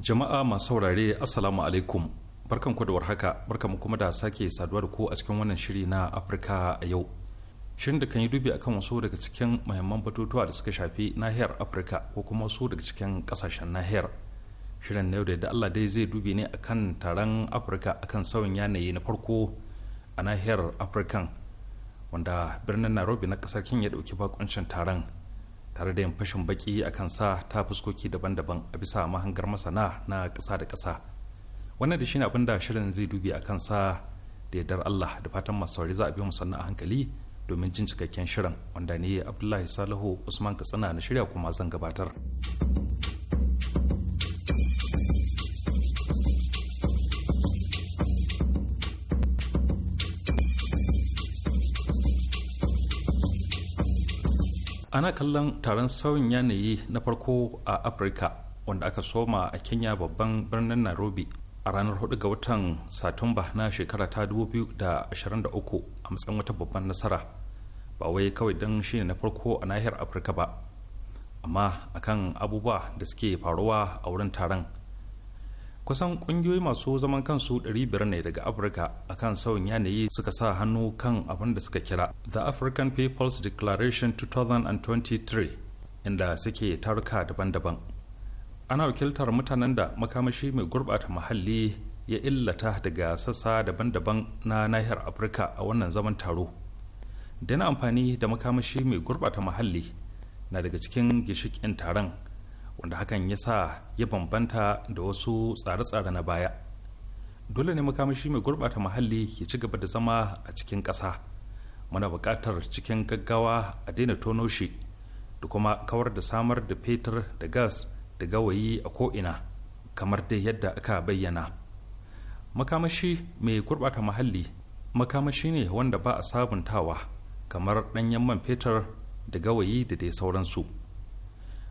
Jama'a masu saurare Assalamu alaikum. Barkanku da warhaka, mu kuma da sake saduwa da ku a cikin wannan shiri na Afirka a yau. Shirin da kan yi dubi akan wasu daga cikin muhimman batutuwa da suka shafi nahiyar Afirka ko kuma wasu daga cikin kasashen nahiyar. Shirin na yau da Allah dai zai dubi ne akan taron Afirka akan sauyin yanayi na farko a nahiyar Afirkan wanda birnin nairobi na kasar kenya dauki bakuncin taron tare da yin fashin baki akan sa ta fuskoki daban-daban a bisa mahangar masana na kasa da ƙasa wannan da shine abin da shirin zai dubi akan sa da yardar allah da fatan masu saurari za a bi musanna a hankali domin jin cikakken shirin wanda ne abdullahi salihu usman katsina na shirya kuma zan gabatar. ana kallon taron sauyin yanayi na farko a afirka wanda aka soma a kenya babban birnin nairobi a ranar 4 ga watan satumba na shekara ta 2023 a matsayin wata babban nasara ba wai kawai don shine na farko a nahiyar afirka ba amma akan abubuwa da suke faruwa a wurin taron kusan ƙungiyoyi masu zaman kansu 500 ne daga afirka akan sauyin yanayi suka sa hannu kan abin da suka kira the african people's declaration 2023 inda suke taruka daban-daban ana wakiltar mutanen da makamashi mai gurbata muhalli ya illata daga sassa daban-daban na nahiyar afirka a wannan zaman taro dana amfani da makamashi mai gurbata muhalli na daga cikin gishikin taron wanda hakan ya sa ya bambanta da wasu tsare-tsare na baya dole ne makamashi mai gurɓata muhalli ya ci gaba da zama a cikin ƙasa muna buƙatar cikin gaggawa a daina tono shi da kuma kawar da samar da fetur da gas da gawayi a ko'ina kamar dai yadda aka bayyana makamashi mai gurɓata muhalli makamashi ne wanda ba a sabuntawa kamar ɗanyen man fetur da gawayi da dai sauransu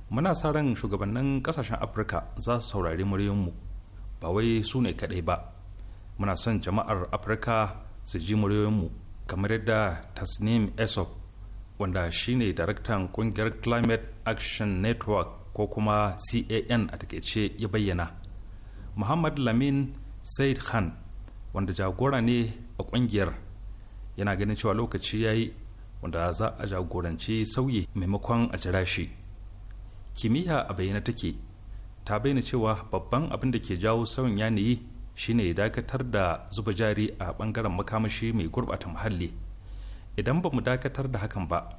muna sa ran shugabannin kasashen afirka za su saurari muryoyinmu ba wai su ne kadai ba muna son jama'ar afirka su ji muryoyinmu kamar yadda tasnim esop wanda shine daraktan kungiyar climate action network ko kuma can a takaice ya bayyana muhammad lamin said khan wanda jagora ne a kungiyar yana ganin cewa lokaci ya yi wanda za a jagoranci sauyi maimakon a jira shi kimiyya a bayyana take ta bayyana cewa babban abin da ke jawo sauyin yanayi shine dakatar da zuba jari a bangaren makamashi mai gurbata muhalli idan ba mu dakatar da hakan ba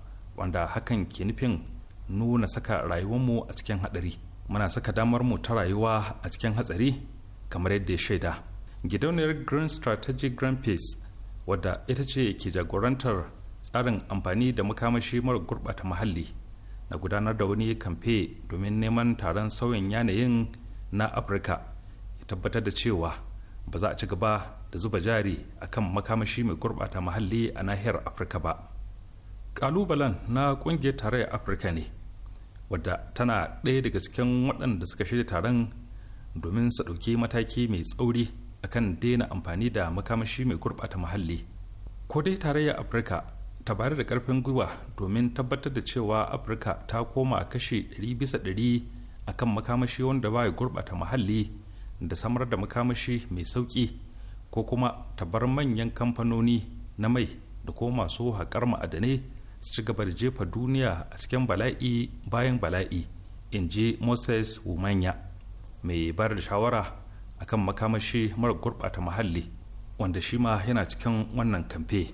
wanda hakan ke nufin nuna saka rayuwarmu a cikin hadari muna saka damar mu ta rayuwa a cikin hatsari kamar yadda ya shaida gidauniyar green strategic grand peace wadda ita ce ke jagorantar tsarin amfani da makamashi mara gurbata muhalli na gudanar da wani kamfe domin neman taron sauyin yanayin na afirka ya tabbatar da cewa ba za a ci gaba da zuba jari akan makamashi mai gurbata muhalli a nahiyar afirka ba kalubalen na kungiyar tarayyar afirka ne wadda tana ɗaya daga cikin waɗanda suka shirya taron domin su ɗauki mataki mai tsauri akan daina amfani da makamashi mai gurbata muhalli ko dai tarayyar afirka ta bayar da karfin gwiwa domin tabbatar da cewa afirka ta koma a kashe 100% a kan makamashi wanda ba ya gurɓata muhalli da samar da makamashi mai sauƙi ko kuma ta bar manyan kamfanoni na mai da ko masu haƙar ma'adanai su ci gaba da jefa duniya a cikin bala'i bayan bala'i in ji moses wumanya mai bayar da shawara a kan makamashi mara gurɓata muhalli wanda shi ma yana cikin wannan kamfe.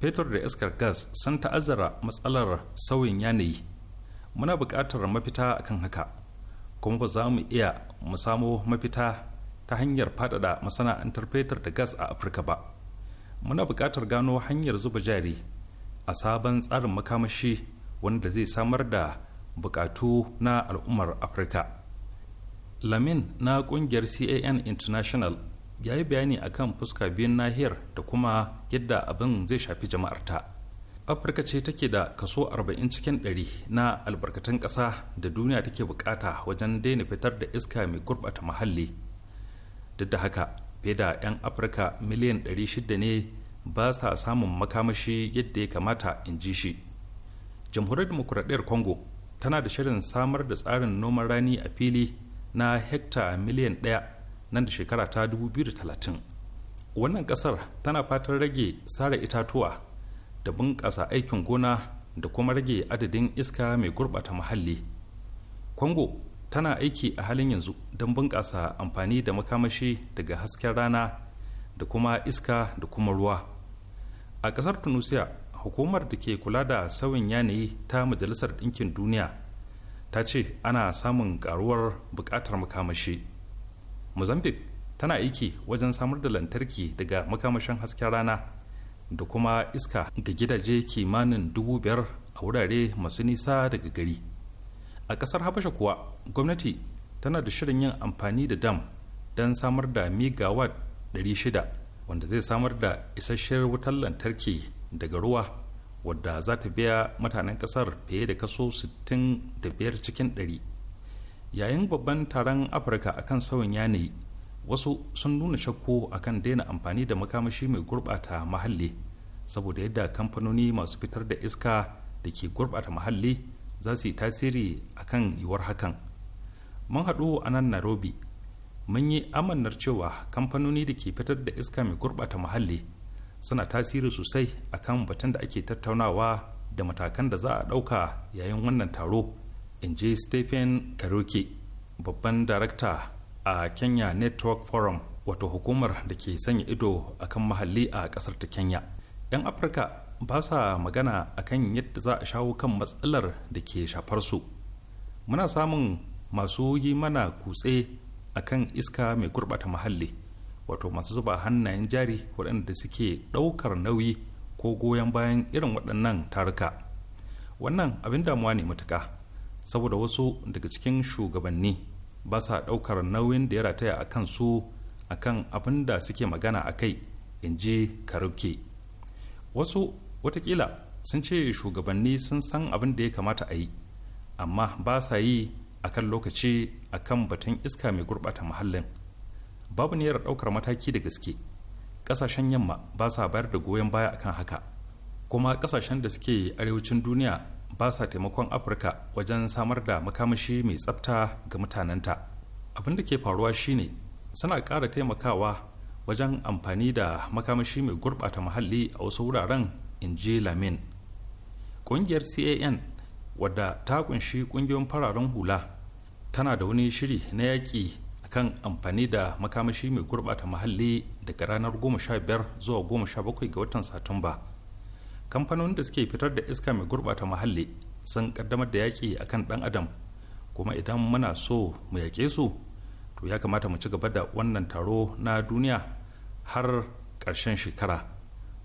fetur da iskar gas sun ta'azzara matsalar sauyin yanayi muna buƙatar mafita akan haka kuma ba za mu iya mu samo mafita ta hanyar faɗaɗa masana'antar fetur da gas a afirka ba muna buƙatar gano hanyar zuba jari a sabon tsarin makamashi wanda zai samar da buƙatu na al'ummar afirka lamin na ƙungiyar can international ya yi bayani akan fuska biyun nahiyar da kuma yadda abin zai shafi jama'arta afirka ce take da kaso 40 cikin 100 na albarkatun ƙasa da duniya take bukata wajen daina fitar da iska mai gurɓata muhalli duk da haka fiye da 'yan afirka miliyan 600 ne ba sa samun makamashi yadda ya kamata in ji shi jamhuriyar demokuraɗiyar congo tana da shirin samar da tsarin noman rani a fili na hekta miliyan ɗaya nan da shekara ta 2030 wannan kasar tana fatan rage sare itatuwa da bunƙasa aikin gona da kuma rage adadin iska mai gurɓata muhalli kwango tana aiki a halin yanzu don bunƙasa amfani da makamashi daga hasken rana da kuma iska da kuma ruwa a ƙasar tunisia hukumar da ke kula da sauyin yanayi ta majalisar ɗinkin duniya ta ce ana samun karuwar buƙatar makamashi mozambique tana aiki wajen samar da lantarki daga makamashin hasken rana da kuma iska ga gidaje kimanin dubu biyar a wurare masu nisa daga gari a ƙasar habasha kuwa gwamnati tana da shirin yin amfani da dam don samar da megawatt 600 wanda zai samar da isasshen wutar lantarki daga ruwa wadda za ta biya mutanen ƙasar fiye da kaso 65 cikin 100 yayin babban taron afirka akan sauyin yanayi wasu sun nuna shakku akan daina amfani da makamashi mai gurɓata muhalli saboda yadda kamfanoni masu fitar da iska da ke gurɓata muhalli za su yi tasiri a kan yiwuwar hakan mun haɗu a nan nairobi mun yi amannar cewa kamfanoni da ke fitar da iska mai gurɓata muhalli suna tasiri sosai a kan batun da ake tattaunawa da matakan da za a ɗauka yayin wannan taro in ji stephen karoke babban darakta a kenya network forum wato hukumar da ke sanya ido a kan mahalli a kasar ta kenya 'yan afirka ba sa magana a kan yadda za a shawo kan matsalar da ke shafar su muna samun masu yi mana kutse a kan iska mai gurbata muhalli wato masu zuba hannayen jari waɗanda suke ɗaukar nauyi ko goyon bayan irin waɗannan taruka wannan abin damuwa ne matuka saboda wasu daga cikin shugabanni ba sa ɗaukar nauyin da ya rataya a kan su a kan abin da suke magana a kai in ji karuke wasu watakila sun ce shugabanni sun san abin da ya kamata a yi amma ba sa yi a kan lokaci a kan batun iska mai gurɓata muhallin babu niyyar ɗaukar mataki da gaske ƙasashen yamma ba sa bayar da goyon baya akan haka kuma ƙasashen da suke arewacin duniya ba sa taimakon afirka wajen samar da makamashi mai tsafta ga mutanenta abin da ke faruwa shine suna ƙara taimakawa wajen amfani da makamashi mai gurɓata muhalli a wasu wuraren in ji lamin ƙungiyar can wadda ta kunshi ƙungiyoyin fararen hula tana da wani shiri na yaƙi kan amfani da makamashi mai gurɓata muhalli daga ranar 15 zuwa 17 ga watan satumba kamfanonin da suke fitar da iska mai gurɓata muhalli sun kaddamar da yaƙi a kan ɗan adam kuma idan muna so mu yaƙe su to ya kamata mu ci gaba da wannan taro na duniya har ƙarshen shekara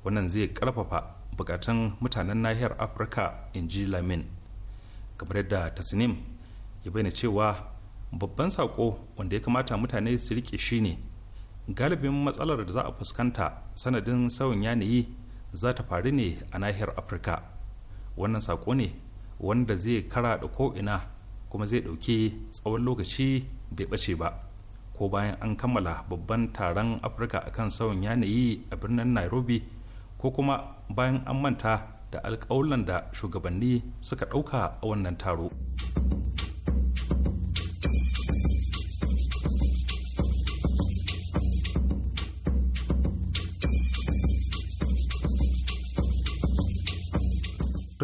wannan zai ƙarfafa bukatun mutanen nahiyar afirka in ji lamin kamar yadda tasnim ya bayyana cewa babban saƙo wanda ya kamata mutane su riƙe shine galibin matsalar da za a fuskanta sanadin sauyin yanayi za ta faru ne a nahiyar afirka wannan sako ne wanda zai kara da ko'ina kuma zai ɗauki tsawon lokaci bai ɓace ba ko bayan an kammala babban taron afirka a kan sauyin yanayi a birnin nairobi ko kuma bayan an manta da alƙawulan da shugabanni suka ɗauka a wannan taro.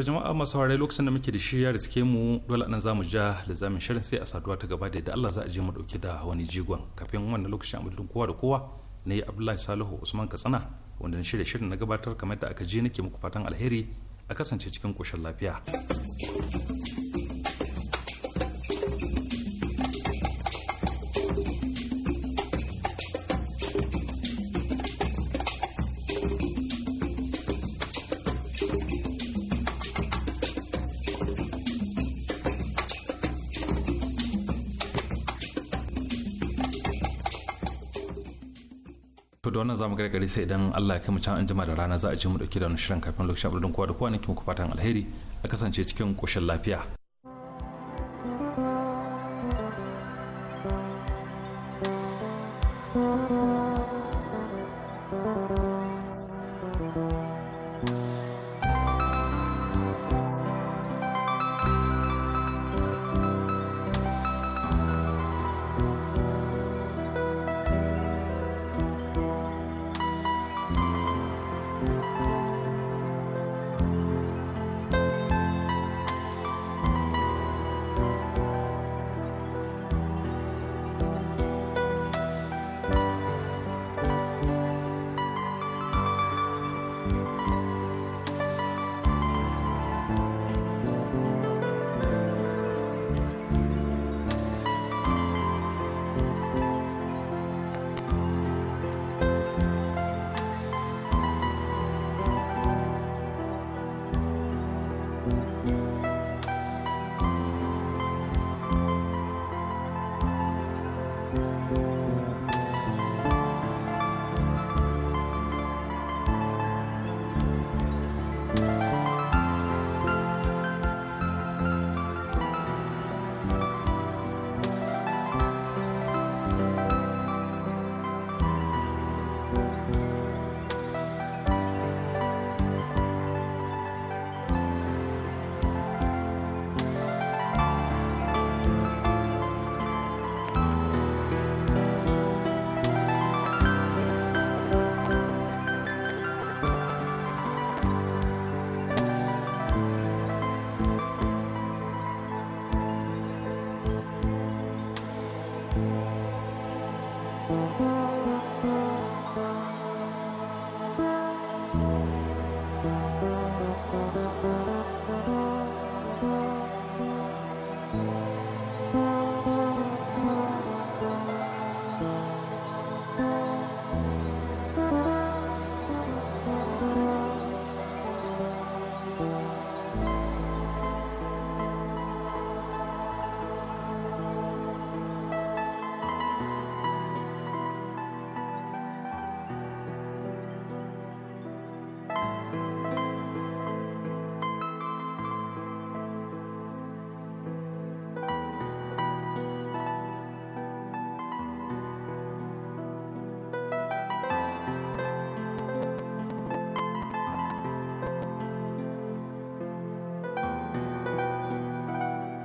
to jama'a masu haurai lokacin da muke da shirya da suke mu dole nan mu ja da zamin shirin sai a saduwa ta gaba da yadda Allah za a je mu dauke da wani jigon kafin wannan lokacin a mutum kowa da kowa na yi Abdullahi Salihu Usman Katsina wanda na shirya shirin na gabatar kamar da aka je nake muku fatan alheri a kasance cikin koshin lafiya. za mu gargare sai idan Allah ya kai mu can an jima da rana za a ji mu dauki da wani shirin kafin lokacin abudin kowa da kowa ne ke muku fatan alheri a kasance cikin koshin lafiya